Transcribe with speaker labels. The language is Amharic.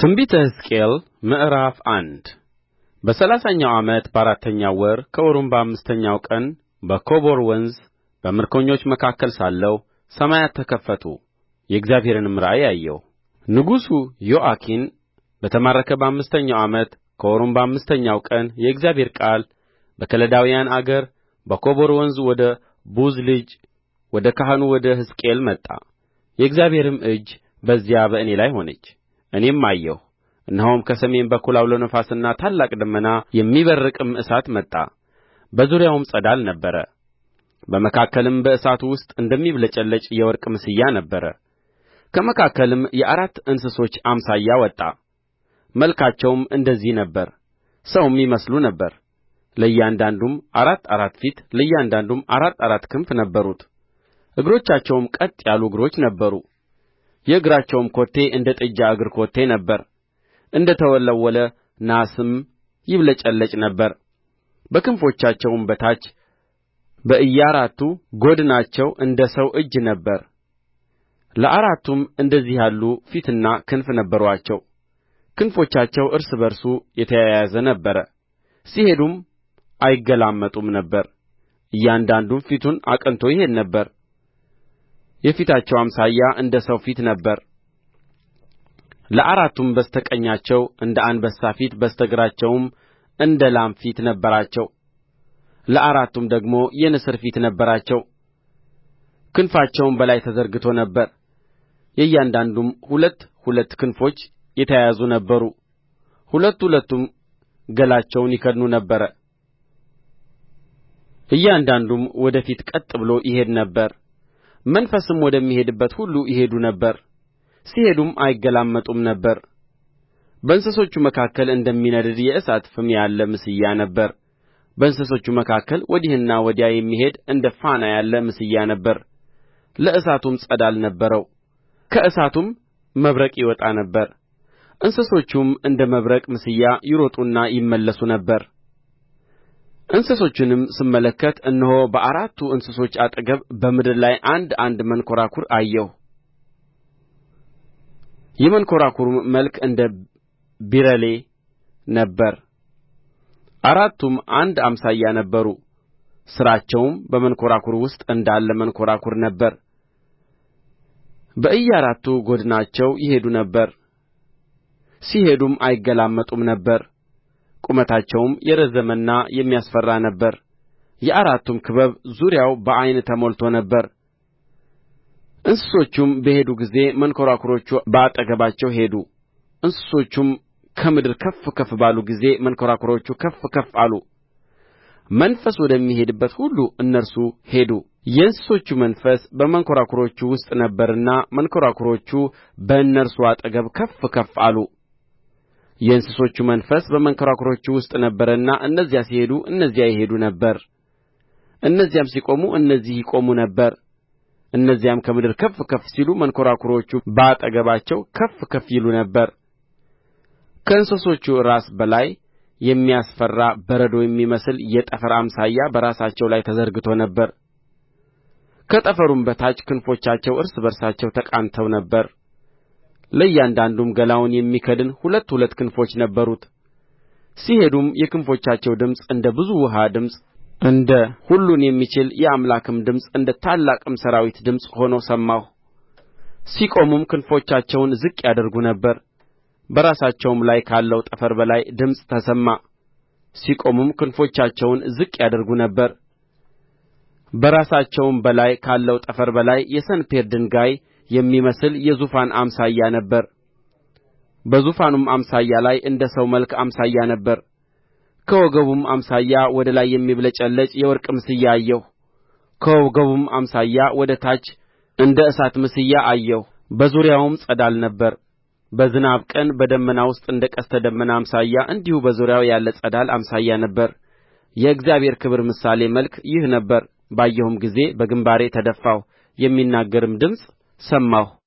Speaker 1: ትንቢተ ሕዝቅኤል ምዕራፍ አንድ በሠላሳኛው ዓመት በአራተኛው ወር ከወሩም በአምስተኛው ቀን በኮቦር ወንዝ በምርኮኞች መካከል ሳለሁ ሰማያት ተከፈቱ የእግዚአብሔርንም ራእይ አየሁ ንጉሡ ዮአኪን በተማረከ በአምስተኛው ዓመት ከወሩም በአምስተኛው ቀን የእግዚአብሔር ቃል በከለዳውያን አገር በኮቦር ወንዝ ወደ ቡዝ ልጅ ወደ ካህኑ ወደ ሕዝቅኤል መጣ የእግዚአብሔርም እጅ በዚያ በእኔ ላይ ሆነች እኔም አየሁ እነሆም ከሰሜን በኩል ዐውሎ ነፋስና ታላቅ ደመና የሚበርቅም እሳት መጣ በዙሪያውም ፀዳል ነበረ በመካከልም በእሳቱ ውስጥ እንደሚብለጨለጭ የወርቅ ምስያ ነበረ ከመካከልም የአራት እንስሶች አምሳያ ወጣ መልካቸውም እንደዚህ ነበረ ሰውም ይመስሉ ነበር ለእያንዳንዱም አራት አራት ፊት ለእያንዳንዱም አራት አራት ክንፍ ነበሩት እግሮቻቸውም ቀጥ ያሉ እግሮች ነበሩ የእግራቸውም ኮቴ እንደ ጥጃ እግር ኮቴ ነበረ እንደ ተወለወለ ናስም ይብለጨለጭ ነበር በክንፎቻቸውም በታች በእያራቱ ጐድናቸው እንደ ሰው እጅ ነበረ ለአራቱም እንደዚህ ያሉ ፊትና ክንፍ ነበሩአቸው ክንፎቻቸው እርስ በርሱ የተያያዘ ነበረ ሲሄዱም አይገላመጡም ነበር እያንዳንዱም ፊቱን አቅንቶ ይሄድ ነበር የፊታቸው አምሳያ እንደ ሰው ፊት ነበረ ለአራቱም በስተ ቀኛቸው እንደ አንበሳ ፊት በስተ ግራቸውም እንደ ላም ፊት ነበራቸው ለአራቱም ደግሞ የንስር ፊት ነበራቸው ክንፋቸውም በላይ ተዘርግቶ ነበር የእያንዳንዱም ሁለት ሁለት ክንፎች የተያያዙ ነበሩ ሁለት ሁለቱም ገላቸውን ይከድኑ ነበር እያንዳንዱም ወደ ፊት ቀጥ ብሎ ይሄድ ነበር መንፈስም ወደሚሄድበት ሁሉ ይሄዱ ነበር ሲሄዱም አይገላመጡም ነበር በእንስሶቹ መካከል እንደሚነድድ የእሳት ፍም ያለ ምስያ ነበረ በእንስሶቹ መካከል ወዲህና ወዲያ የሚሄድ እንደ ፋና ያለ ምስያ ነበረ ለእሳቱም ፀዳል ነበረው ከእሳቱም መብረቅ ይወጣ ነበር እንስሶቹም እንደ መብረቅ ምስያ ይሮጡና ይመለሱ ነበር እንስሶቹንም ስመለከት እነሆ በአራቱ እንስሶች አጠገብ በምድር ላይ አንድ አንድ መንኰራኵር አየሁ የመንኰራኵሩም መልክ እንደ ቢረሌ ነበረ አራቱም አንድ አምሳያ ነበሩ ሥራቸውም በመንኰራኵር ውስጥ እንዳለ መንኰራኵር ነበረ በእያራቱ ጐድናቸው ይሄዱ ነበር ሲሄዱም አይገላመጡም ነበር ቁመታቸውም የረዘመና የሚያስፈራ ነበረ የአራቱም ክበብ ዙሪያው በዓይን ተሞልቶ ነበር እንስሶቹም በሄዱ ጊዜ መንኰራኵሮቹ በአጠገባቸው ሄዱ እንስሶቹም ከምድር ከፍ ከፍ ባሉ ጊዜ መንኰራኵሮቹ ከፍ ከፍ አሉ መንፈስ ወደሚሄድበት ሁሉ እነርሱ ሄዱ የእንስሶቹ መንፈስ በመንኰራኵሮቹ ውስጥ ነበረና መንኰራኵሮቹ በእነርሱ አጠገብ ከፍ ከፍ አሉ የእንስሶቹ መንፈስ በመንኰራኵሮቹ ውስጥ ነበረና እነዚያ ሲሄዱ እነዚያ ይሄዱ ነበር እነዚያም ሲቆሙ እነዚህ ይቆሙ ነበር እነዚያም ከምድር ከፍ ከፍ ሲሉ መንኰራኵሮቹ በአጠገባቸው ከፍ ከፍ ይሉ ነበር ከእንስሶቹ ራስ በላይ የሚያስፈራ በረዶ የሚመስል የጠፈር አምሳያ በራሳቸው ላይ ተዘርግቶ ነበር ከጠፈሩም በታች ክንፎቻቸው እርስ በርሳቸው ተቃንተው ነበር ለእያንዳንዱም ገላውን የሚከድን ሁለት ሁለት ክንፎች ነበሩት ሲሄዱም የክንፎቻቸው ድምፅ እንደ ብዙ ውኃ ድምፅ እንደ ሁሉን የሚችል የአምላክም ድምፅ እንደ ታላቅም ሠራዊት ድምፅ ሆኖ ሰማሁ ሲቆሙም ክንፎቻቸውን ዝቅ ያደርጉ ነበር በራሳቸውም ላይ ካለው ጠፈር በላይ ድምፅ ተሰማ ሲቆሙም ክንፎቻቸውን ዝቅ ያደርጉ ነበር በራሳቸውም በላይ ካለው ጠፈር በላይ የሰንፔር ድንጋይ የሚመስል የዙፋን አምሳያ ነበረ በዙፋኑም አምሳያ ላይ እንደ ሰው መልክ አምሳያ ነበረ ከወገቡም አምሳያ ወደ ላይ የሚብለጨለጭ የወርቅ ምስያ አየሁ ከወገቡም አምሳያ ወደ ታች እንደ እሳት ምስያ አየሁ በዙሪያውም ፀዳል ነበረ በዝናብ ቀን በደመና ውስጥ እንደ ቀስተ ደመና አምሳያ እንዲሁ በዙሪያው ያለ ፀዳል አምሳያ ነበር። የእግዚአብሔር ክብር ምሳሌ መልክ ይህ ነበር። ባየሁም ጊዜ በግምባሬ ተደፋሁ፣ የሚናገርም ድምፅ 深谋。